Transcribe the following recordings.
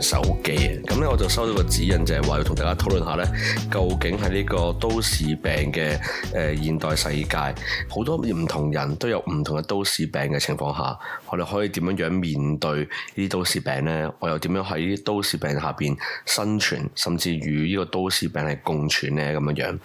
手機啊，咁咧我就收到個指引，就係、是、話要同大家討論下咧，究竟喺呢個都市病嘅誒、呃、現代世界，好多唔同人都有唔同嘅都市病嘅情況下，我哋可以點樣樣面對呢啲都市病咧？我又點樣喺都市病下邊生存，甚至與呢個都市病係共存咧？咁樣樣，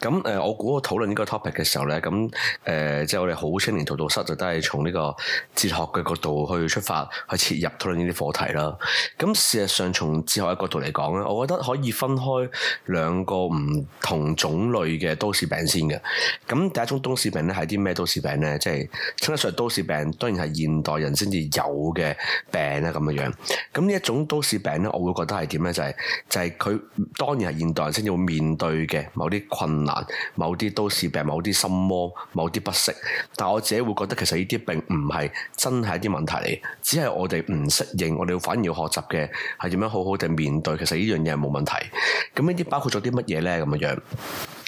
咁誒、呃，我估我討論呢個 topic 嘅時候咧，咁誒，即、呃、係、就是、我哋好青年荼毒室就都係從呢個哲學嘅角度去出發，去切入討論呢啲課題啦，咁。事實上，從哲學角度嚟講咧，我覺得可以分開兩個唔同種類嘅都市病先嘅。咁第一種都市病咧係啲咩都市病咧？即係稱得上都市病，當然係現代人先至有嘅病咧咁嘅樣。咁呢一種都市病咧，我會覺得係點咧？就係、就係、佢當然係現代人先要面對嘅某啲困難、某啲都市病、某啲心魔、某啲不適。但我自己會覺得其實呢啲並唔係真係一啲問題嚟，只係我哋唔適應，我哋要反而要學習嘅。係點樣好好地面對？其實呢樣嘢係冇問題。咁呢啲包括咗啲乜嘢呢？咁嘅樣。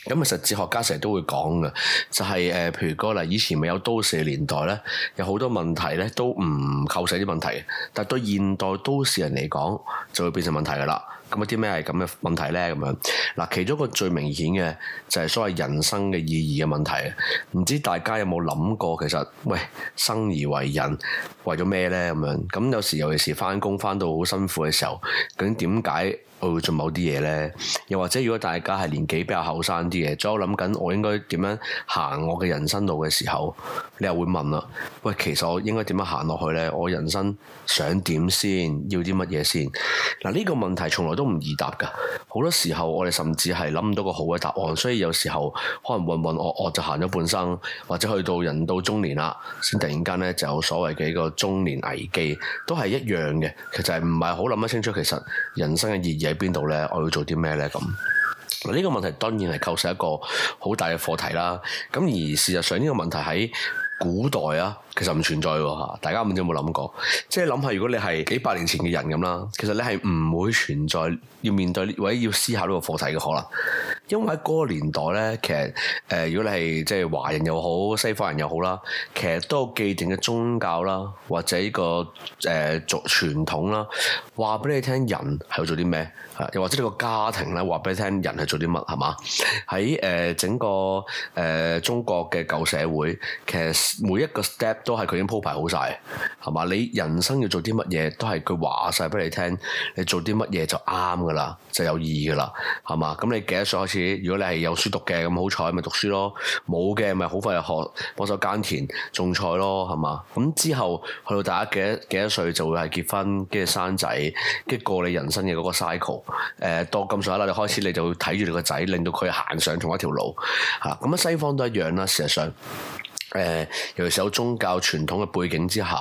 咁啊，其實哲學家成日都會講噶，就係、是、誒、呃，譬如嗱，以前未有都市年代咧，有好多問題咧，都唔構成啲問題嘅。但對現代都市人嚟講，就會變成問題噶啦。咁有啲咩係咁嘅問題咧？咁樣嗱，其中一個最明顯嘅就係、是、所謂人生嘅意義嘅問題。唔知大家有冇諗過，其實喂，生而為人為咗咩咧？咁樣咁有時尤其是返工返到好辛苦嘅時候，究竟點解，我會做某啲嘢咧，又或者如果大家係年紀比較後生啲嘅，在我諗緊我應該點樣行我嘅人生路嘅時候，你又會問啦，喂，其實我應該點樣行落去咧？我人生想點先？要啲乜嘢先？嗱、啊，呢個問題從來都唔易答噶，好多時候我哋甚至係諗唔到個好嘅答案，所以有時候可能渾渾噩噩就行咗半生，或者去到人到中年啦，先突然間咧就有所謂嘅一個中年危機都係一樣嘅。其實係唔係好諗得清楚？其實人生嘅意義。喺邊度咧？我要做啲咩咧？咁嗱，呢個問題當然係構成一個好大嘅課題啦。咁而事實上，呢個問題喺古代啊。其實唔存在喎，大家唔知有冇諗過，即係諗下如果你係幾百年前嘅人咁啦，其實你係唔會存在要面對或者要思考呢個課題嘅可能，因為喺嗰個年代咧，其實誒、呃、如果你係即係華人又好，西方人又好啦，其實都有既定嘅宗教啦，或者、呢個誒族、呃、傳統啦，話俾你聽人係做啲咩，又或者你個家庭咧話俾你聽人係做啲乜，係嘛？喺誒、呃、整個誒、呃、中國嘅舊社會，其實每一個 step，都係佢已經鋪排好晒，係嘛？你人生要做啲乜嘢，都係佢話晒俾你聽。你做啲乜嘢就啱噶啦，就有意義噶啦，係嘛？咁你幾多歲開始？如果你係有書讀嘅，咁好彩，咪讀書咯；冇嘅，咪好快就學幫手耕田、種菜咯，係嘛？咁之後去到大家幾多幾多歲，就會係結婚，跟住生仔，跟過你人生嘅嗰個 cycle。誒、呃，到咁上下啦，你開始你就會睇住你個仔，令到佢行上同一條路。吓，咁啊，西方都一樣啦。事實上。誒、呃，尤其是有宗教傳統嘅背景之下，誒、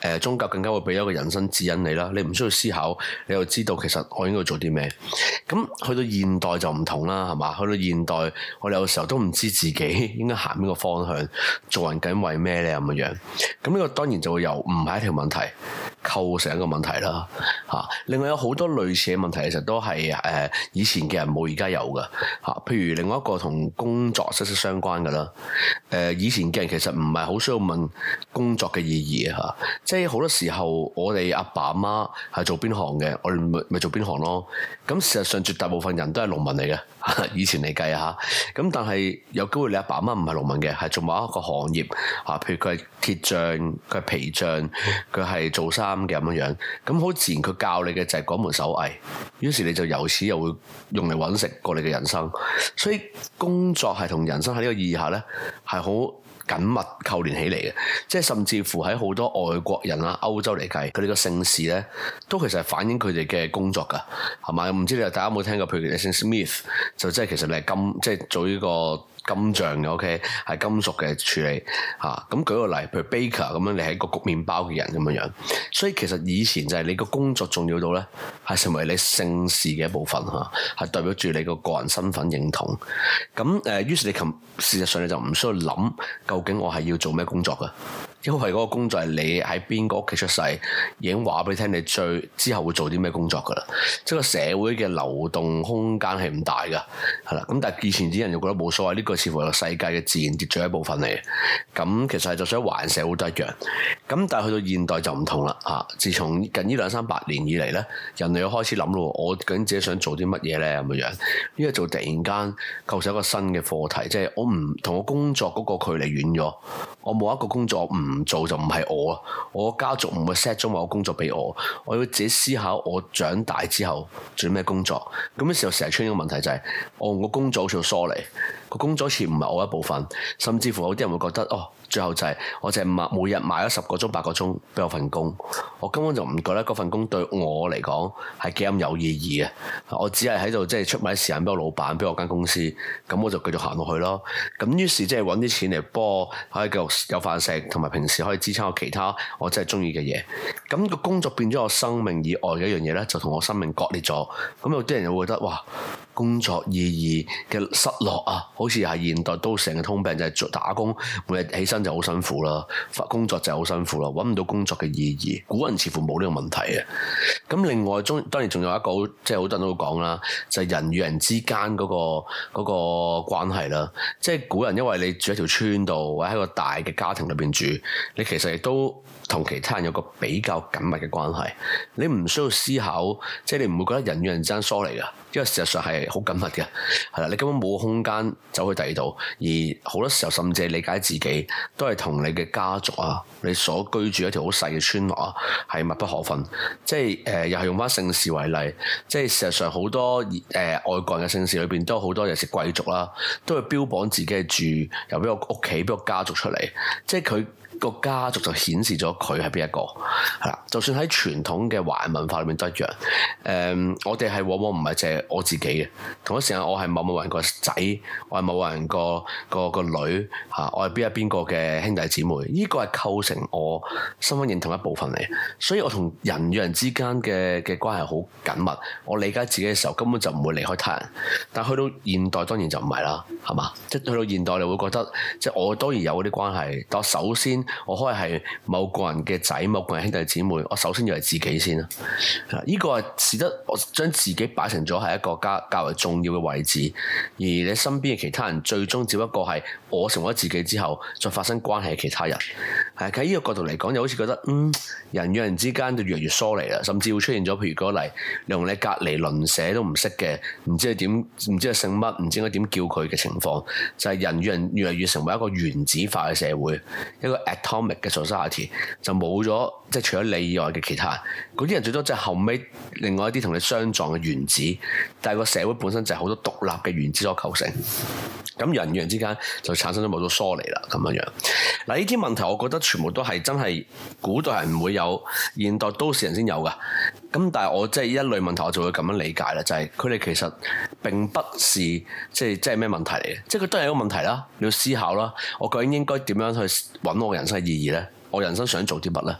呃、宗教更加會俾一個人生指引你啦。你唔需要思考，你就知道其實我應該做啲咩。咁去到現代就唔同啦，係嘛？去到現代，我哋有時候都唔知自己應該行邊個方向，做人究竟為咩咧咁嘅樣。咁呢個當然就會又唔係一條問題。構成一個問題啦，嚇！另外有好多類似嘅問題，其實都係誒、呃、以前嘅人冇而家有嘅嚇。譬如另外一個同工作息息相關嘅啦，誒、呃、以前嘅人其實唔係好需要問工作嘅意義嚇、啊。即係好多時候我爸爸媽媽，我哋阿爸阿媽係做邊行嘅，我哋咪咪做邊行咯。咁事實上絕大部分人都係農民嚟嘅、啊，以前嚟計嚇。咁、啊、但係有機會你阿爸阿媽唔係農民嘅，係做某一個行業嚇、啊。譬如佢係鐵匠，佢係皮匠，佢係做生意。啱嘅咁樣樣，咁好自然佢教你嘅就係嗰門手藝，於是你就由此又會用嚟揾食過你嘅人生，所以工作係同人生喺呢個意義下咧，係好緊密扣連起嚟嘅，即係甚至乎喺好多外國人啊歐洲嚟計，佢哋個姓氏咧都其實係反映佢哋嘅工作噶，係嘛？唔知你大家有冇聽過，譬如你姓 Smith 就即係其實你係金，即係做呢個。金像嘅，OK，係金屬嘅處理吓。咁、啊、舉個例，譬如 Baker 咁樣，你係一個焗麪包嘅人咁樣樣。所以其實以前就係你個工作重要到咧，係成為你姓氏嘅一部分吓，係、啊、代表住你個個人身份認同。咁誒、呃，於是你其實事實上你就唔需要諗，究竟我係要做咩工作㗎？因為嗰個工作係你喺邊個屋企出世，已經話俾你聽，你最之後會做啲咩工作㗎啦？即係個社會嘅流動空間係唔大㗎，係啦。咁但係以前啲人又覺得冇所謂，呢個似乎係個世界嘅自然秩序一部分嚟嘅。咁其實係就想環社會都一樣。咁但係去到現代就唔同啦。嚇，自從近呢兩三百年以嚟咧，人類又開始諗咯，我究竟自己想做啲乜嘢咧咁嘅樣？呢個做突然間構成一個新嘅課題，即係我唔同我工作嗰個距離遠咗，我冇一個工作唔～唔做就唔係我咯，我家族唔會 set 咗某個工作俾我，我要自己思考我長大之後做咩工作。咁啲時候成日出現一個問題就係、是，我個工作好似好疏離。個工作好似唔係我一部分，甚至乎有啲人會覺得哦，最後就係我就係每日賣咗十個鐘八個鐘俾我份工，我根本就唔覺得嗰份工對我嚟講係幾咁有意義嘅。我只係喺度即係出賣時間俾我老闆，俾我間公司，咁我就繼續行落去咯。咁於是即係揾啲錢嚟幫，可以繼續有飯食，同埋平時可以支撐我其他我真係中意嘅嘢。咁個工作變咗我生命以外嘅一樣嘢呢，就同我生命割裂咗。咁有啲人又會覺得哇～工作意義嘅失落啊，好似係現代都成個通病，就係、是、做打工，每日起身就好辛苦啦，工作就好辛苦啦，揾唔到工作嘅意義。古人似乎冇呢個問題嘅。咁另外，中當然仲有一個即係好多人都講啦，就係、是、人與人之間嗰、那個嗰、那個關係啦。即係古人因為你住喺條村度，或者喺個大嘅家庭裏邊住，你其實亦都同其他人有個比較緊密嘅關係。你唔需要思考，即係你唔會覺得人與人之間疏離噶，因為事實上係。好緊密嘅，係啦， 你根本冇空間走去第二度，而好多時候甚至係理解自己都係同你嘅家族啊，你所居住一條好細嘅村落啊，係密不可分。即係誒、呃，又係用翻姓氏為例，即係事實上好多誒、呃、外國人嘅姓氏裏邊都有好多有時貴族啦、啊，都會標榜自己係住由邊個屋企、邊個家族出嚟，即係佢個家族就顯示咗佢係邊一個，係啦。就算喺傳統嘅華人文化裏面都一樣。誒、呃，我哋係往往唔係淨係我自己嘅，同一時間我係某某人個仔，我係某某人個個個女，嚇、啊，我係邊一邊個嘅兄弟姊妹。呢、這個係構成我身份認同一部分嚟，所以我同人與人之間嘅嘅關係好緊密。我理解自己嘅時候根本就唔會離開他人。但去到現代當然就唔係啦，係嘛？即係去到現代你會覺得，即係我當然有啲關係，但首先。我可以係某個人嘅仔，某個人兄弟姊妹。我首先要係自己先啦。呢個係使得我將自己擺成咗係一個較較為重要嘅位置，而你身邊嘅其他人最終只不過係我成為咗自己之後再發生關係嘅其他人。係喺呢個角度嚟講，又好似覺得嗯，人與人之間就越嚟越疏離啦，甚至會出現咗譬如嗰例，你同你隔離鄰舍都唔識嘅，唔知佢點，唔知佢姓乜，唔知應該點叫佢嘅情況。就係人與人越嚟越成為一個原子化嘅社會，一個。Atomic 嘅 society 就冇咗，即係除咗你以外嘅其他人，嗰啲人最多即係後尾另外一啲同你相撞嘅原子，但係個社會本身就係好多獨立嘅原子所構成，咁人與人之間就產生咗好多疏離啦，咁樣樣。嗱，呢啲問題我覺得全部都係真係古代係唔會有，現代都市人先有噶。咁但係我即係呢一類問題我就會咁樣理解啦，就係佢哋其實並不是即係即係咩問題嚟嘅，即係佢都係一個問題啦，你要思考啦。我究竟應該點樣去揾我嘅？人生意義咧，我人生想做啲乜咧？誒、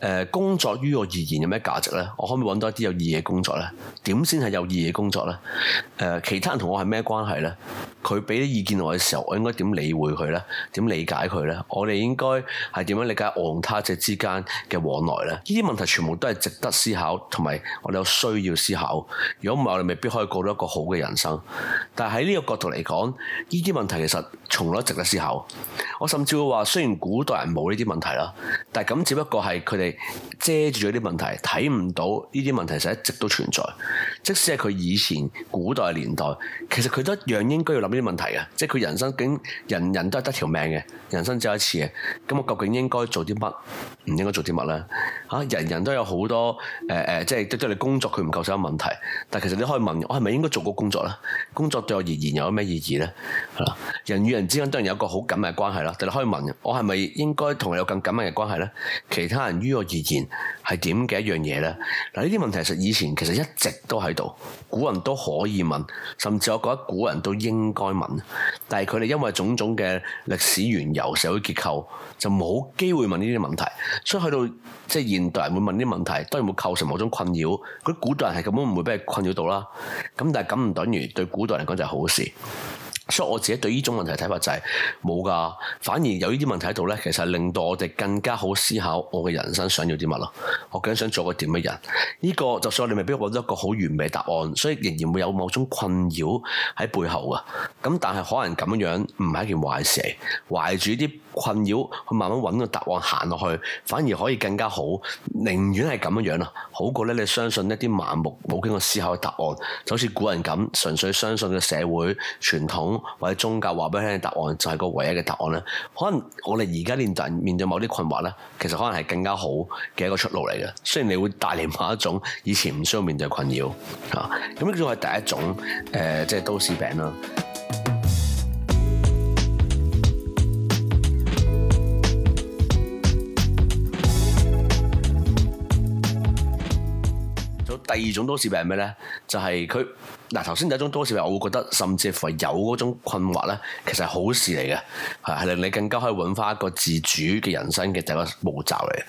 呃，工作於我而言有咩價值咧？我可唔可以揾到一啲有意義嘅工作咧？點先係有意義嘅工作咧？誒、呃，其他人同我係咩關係咧？佢俾啲意見我嘅時候，我應該點理會佢呢？點理解佢呢？我哋應該係點樣理解我同他者之間嘅往來呢？呢啲問題全部都係值得思考，同埋我哋有需要思考。如果唔係，我哋未必可以過到一個好嘅人生。但係喺呢個角度嚟講，呢啲問題其實從來都值得思考。我甚至會話，雖然古代人冇呢啲問題啦，但係咁只不過係佢哋遮住咗啲問題，睇唔到呢啲問題其實一直都存在。即使係佢以前古代年代，其實佢都一樣應該要諗。啲問題啊，即係佢人生竟人人都係得條命嘅，人生只有一次嘅，咁我究竟應該做啲乜？唔應該做啲乜咧？嚇、啊！人人都有好多誒誒、呃，即係對對你工作佢唔夠曬問題。但係其實你可以問我係咪應該做過工作咧？工作對我而言又有咩意義咧？係啦，人與人之間當然有個好緊密嘅關係啦。但係你可以問我係咪應該同你有更緊密嘅關係咧？其他人於我而言係點嘅一樣嘢咧？嗱，呢啲問題其實以前其實一直都喺度，古人都可以問，甚至我覺得古人都應該問，但係佢哋因為種種嘅歷史原由、社會結構就冇機會問呢啲問題，所以去到即係。現代人會問啲問題，當然會構成某種困擾。嗰啲古代人係根本唔會俾佢困擾到啦。咁但係咁唔等於對古代人講就係好事。所以我自己對呢種問題嘅睇法就係冇噶，反而有呢啲問題喺度咧，其實令到我哋更加好思考我嘅人生想要啲乜咯。我究竟想做個點嘅人？呢個就算我哋未必搵到一個好完美答案，所以仍然會有某種困擾喺背後噶。咁但係可能咁樣唔係一件壞事，懷住啲。困擾，去慢慢揾個答案行落去，反而可以更加好。寧願係咁樣樣啦，好過咧你相信一啲盲目冇經過思考嘅答案，就好似古人咁，純粹相信嘅社會傳統或者宗教話俾你聽嘅答案就係、是、個唯一嘅答案咧。可能我哋而家年代面對某啲困惑咧，其實可能係更加好嘅一個出路嚟嘅。雖然你會帶嚟某一種以前唔需要面對困擾啊，咁呢種係第一種誒、呃，即係都市病啦。第二種多事病係咩咧？就係佢嗱，頭先第一種多事病，我會覺得甚至乎有嗰種困惑咧，其實係好事嚟嘅，係係令你更加可以揾翻一個自主嘅人生嘅第一個步驟嚟嘅。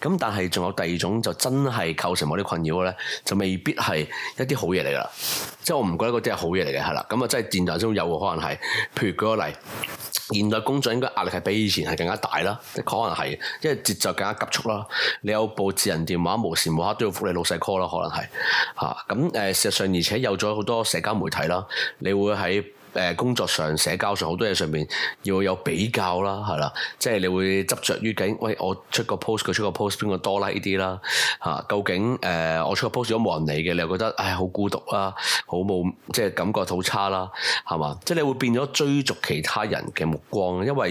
咁但係仲有第二種就真係構成某啲困擾咧，就未必係一啲好嘢嚟㗎。即係我唔覺得嗰啲係好嘢嚟嘅，係啦。咁啊，真係現實中有嘅可能係，譬如舉個例。現代工作應該壓力係比以前係更加大啦，可能係，因為節奏更加急促啦。你有部智能電話，無時無刻都要覆你老細 call 啦，可能係嚇。咁、啊、誒，事實上而且有咗好多社交媒體啦，你會喺，誒工作上、社交上好多嘢上面要有比較啦，係啦，即係你會執着於緊，喂，我出個 post，佢出個 post，邊個多 like 啲啦？呢啲啦？嚇，究竟誒、呃、我出個 post 都冇人理嘅，你又覺得唉好孤獨啦、啊，好冇即係感覺好差啦，係嘛？即係你會變咗追逐其他人嘅目光，因為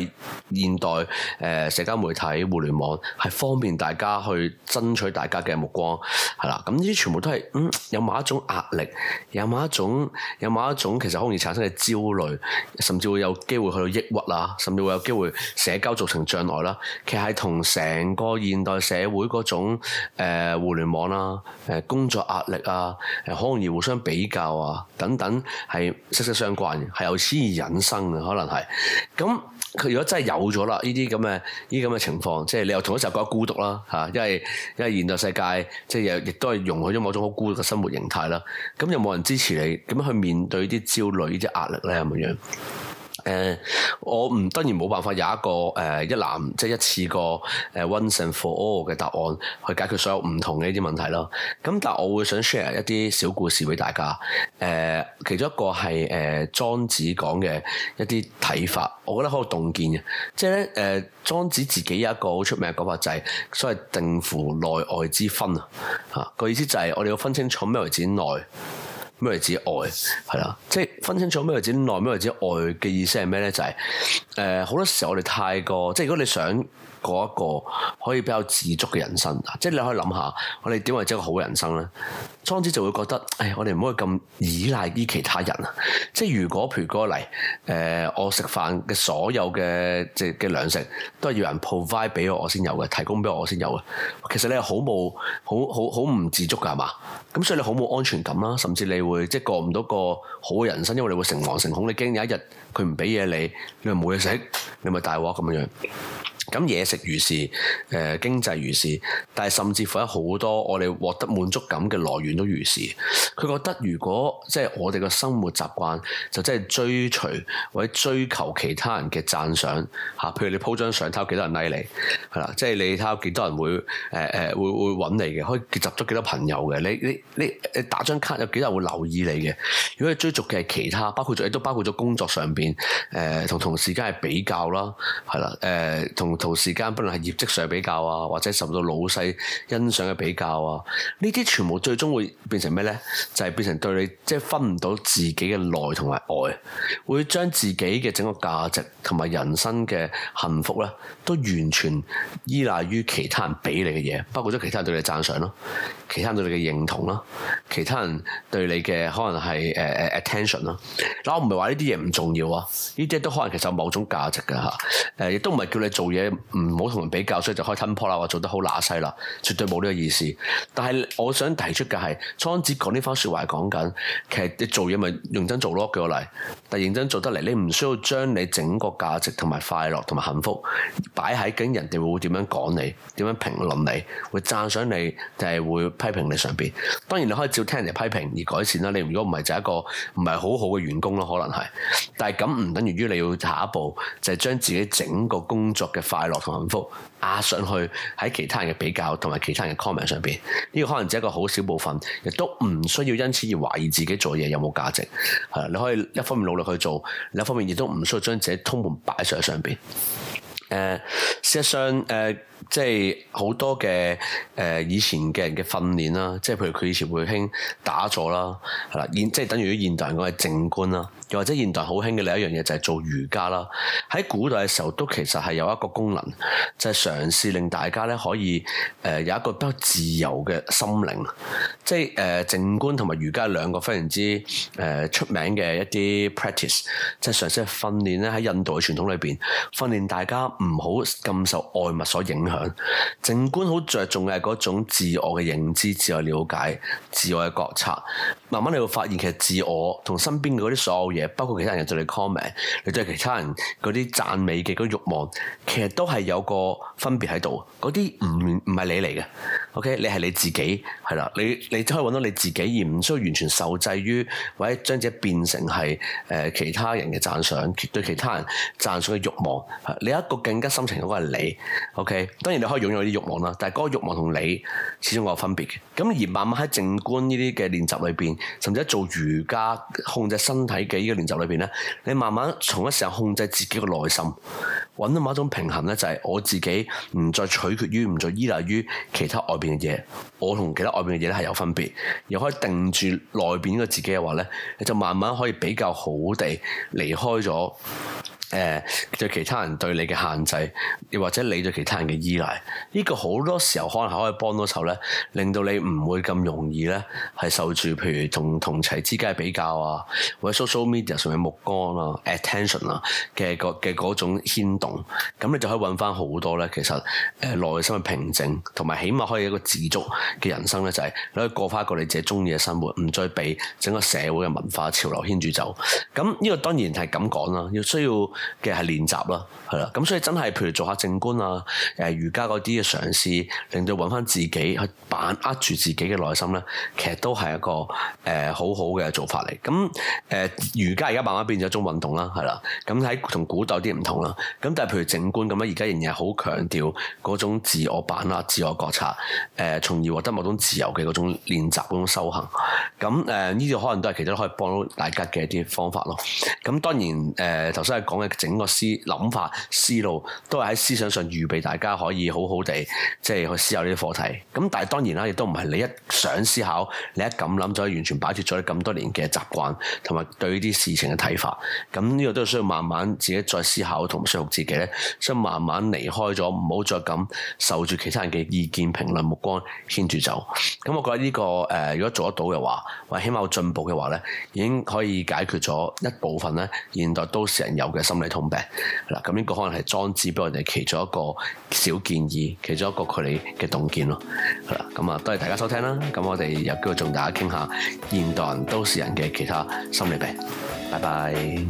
現代誒、呃、社交媒體、互聯網係方便大家去爭取大家嘅目光，係啦。咁呢啲全部都係嗯有某一種壓力，有某一種有某一種其實好容易產生嘅。焦慮，甚至會有機會去到抑鬱啊，甚至會有機會社交造成障礙啦。其實係同成個現代社會嗰種、呃、互聯網啦、啊、誒工作壓力啊、誒好容易互相比較啊等等係息息相關嘅，係由此而引生嘅，可能係咁。佢如果真係有咗啦，呢啲咁嘅，呢啲咁嘅情況，即係你又同一時候覺得孤獨啦，嚇、啊，因為因為現代世界即係又亦都係容許咗某種好孤獨嘅生活形態啦，咁又冇人支持你，咁樣去面對啲焦慮壓呢、啲壓力咧，咁樣。誒、呃，我唔當然冇辦法有一個誒、呃、一男，即係一次過誒 once and for all 嘅答案去解決所有唔同嘅呢啲問題啦。咁但係我會想 share 一啲小故事俾大家。誒、呃，其中一個係誒、呃、莊子講嘅一啲睇法，我覺得好有洞見嘅。即係咧誒，莊子自己有一個好出名嘅講法，就係、是、所謂定乎內外之分啊。嚇，個意思就係我哋要分清楚咩為之內。咩嚟自愛，係啦，即係分清楚咩嚟自內，咩嚟自外嘅意思係咩咧？就係誒好多時候我哋太過，即係如果你想，過一個可以比較自足嘅人生，即係你可以諗下，我哋點為一個好嘅人生咧？莊子就會覺得，誒，我哋唔可以咁依賴於其他人啊！即係如果譬如舉個例，呃，我食飯嘅所有嘅即嘅糧食都係要人 provide 俾我，我先有嘅，提供俾我，我先有嘅。其實你係好冇，好好好唔自足㗎，係嘛？咁所以你好冇安全感啦，甚至你會即係過唔到個好嘅人生，因為你會誠惶誠恐，你驚有一日佢唔俾嘢你，你咪冇嘢食，你咪大鑊咁樣。咁嘢食如是，誒、呃、經濟如是，但係甚至乎有好多我哋獲得滿足感嘅來源都如是。佢覺得如果即係我哋嘅生活習慣就即係追隨或者追求其他人嘅讚賞，嚇、啊，譬如你鋪張相睇下幾多人 like 你，係啦，即係你睇下幾多人會誒誒、呃、會會揾你嘅，可以集中幾多朋友嘅，你你你你打張卡有幾多人會留意你嘅？如果你追逐嘅係其他，包括咗都包括咗工作上邊，誒、呃、同同事間嘅比較啦，係啦，誒、呃、同。呃同時間不論係業績上比較啊，或者受到老細欣賞嘅比較啊，呢啲全部最終會變成咩咧？就係、是、變成對你即係、就是、分唔到自己嘅內同埋外，會將自己嘅整個價值同埋人生嘅幸福咧，都完全依賴於其他人俾你嘅嘢，包括咗其他人對你嘅讚賞咯，其他人對你嘅認同啦，其他人對你嘅可能係誒誒 attention 咯。嗱，我唔係話呢啲嘢唔重要啊，呢啲都可能其實有某種價值嘅吓。誒，亦都唔係叫你做嘢。唔好同人比較，所以就開吞破啦。我做得好乸西啦，絕對冇呢個意思。但係我想提出嘅係，莊子講呢番説話係講緊，其實你做嘢咪認真做咯，攰嚟。但係認真做得嚟，你唔需要將你整個價值同埋快樂同埋幸福擺喺緊人哋會點樣講你，點樣評論你，會讚賞你定係會批評你上邊。當然你可以照聽人哋批評而改善啦。你如果唔係就係一個唔係好好嘅員工咯，可能係。但係咁唔等於你要下一步就係、是、將自己整個工作嘅快樂同幸福，壓、 啊、上去喺其他人嘅比較同埋其他人嘅 comment 上邊，呢、這個可能只係一個好少部分，亦都唔需要因此而懷疑自己做嘢有冇價值。係你可以一方面努力去做，另一方面亦都唔需要將自己通盤擺上喺上邊。誒、呃，事實上誒、呃，即係好多嘅誒、呃、以前嘅人嘅訓練啦，即係譬如佢以前會興打坐啦，係、嗯、啦，現即係等於現代人講嘅靜觀啦，又或者現代好興嘅另一樣嘢就係做瑜伽啦。喺古代嘅時候，都其實係有一個功能，就係嘗試令大家咧可以誒、呃、有一個比較自由嘅心靈。即係誒靜觀同埋瑜伽兩個非常之誒、呃、出名嘅一啲 practice，即係嘗試訓練咧喺印度嘅傳統裏邊訓練大家。唔好咁受外物所影響，靜觀好着重嘅係種自我嘅認知、自我了解、自我嘅覺察。慢慢你會發現其實自我同身邊嘅啲所有嘢，包括其他人對你 comment，你對其他人啲讚美嘅個慾望，其實都係有個分別喺度。啲唔唔係你嚟嘅，OK？你係你自己，係啦，你你可以揾到你自己，而唔需要完全受制於或者將自己變成係誒其他人嘅讚賞，對其他人讚賞嘅慾望。你一個。更加深情嗰個係你，OK？當然你可以擁有啲欲望啦，但係嗰個欲望同你始終有分別嘅。咁而慢慢喺靜觀呢啲嘅練習裏邊，甚至喺做瑜伽控制身體嘅呢個練習裏邊咧，你慢慢從一時間控制自己嘅內心，搵到某一種平衡咧，就係、是，我自己唔再取決於、唔再依賴於其他外邊嘅嘢。我同其他外邊嘅嘢咧係有分別，又可以定住內邊呢個自己嘅話咧，你就慢慢可以比較好地離開咗。誒、呃、對其他人對你嘅限制，又或者你對其他人嘅依賴，呢、這個好多時候可能係可以幫到手咧，令到你唔會咁容易咧係受住，譬如同同儕之間嘅比較啊，或者 social media 上嘅目光啊、attention 啊嘅嘅嗰種牽動，咁、嗯、你就可以搵返好多咧。其實誒內、呃、心嘅平靜，同埋起碼可以一個自足嘅人生咧，就係、是、你可以過返一個你自己中意嘅生活，唔再被整個社會嘅文化潮流牽住走。咁、嗯、呢、這個當然係咁講啦，要需要。嘅係練習咯，係啦，咁所以真係譬如做下靜觀啊，誒、呃、瑜伽嗰啲嘅嘗試，令到揾翻自己去把握住自己嘅內心咧，其實都係一個誒、呃、好好嘅做法嚟。咁誒、呃、瑜伽而家慢慢變咗一種運動啦，係啦，咁喺同古代啲唔同啦。咁但係譬如靜觀咁樣，而家仍然係好強調嗰種自我把握、自我覺察，誒、呃、從而獲得某種自由嘅嗰種練習、嗰種修行。咁誒呢啲可能都係其他可以幫到大家嘅一啲方法咯。咁當然誒頭先係講嘅。呃整個思諗法、思路都係喺思想上預備，大家可以好好地即係去思考呢啲課題。咁但係當然啦，亦都唔係你一想思考，你一咁諗就可以完全擺脫咗你咁多年嘅習慣同埋對呢啲事情嘅睇法。咁呢個都需要慢慢自己再思考同說服自己咧，即係慢慢離開咗，唔好再咁受住其他人嘅意見、評論、目光牽住走。咁我覺得呢、呢個誒、呃，如果做得到嘅話，或起碼有進步嘅話咧，已經可以解決咗一部分咧現代都市人有嘅心。心理。咁呢個可能係莊子俾我哋其中一個小建議，其中一個佢哋嘅洞見咯。咁、嗯、啊，多謝大家收聽啦。咁我哋又繼續同大家傾下現代人都市人嘅其他心理病。拜拜。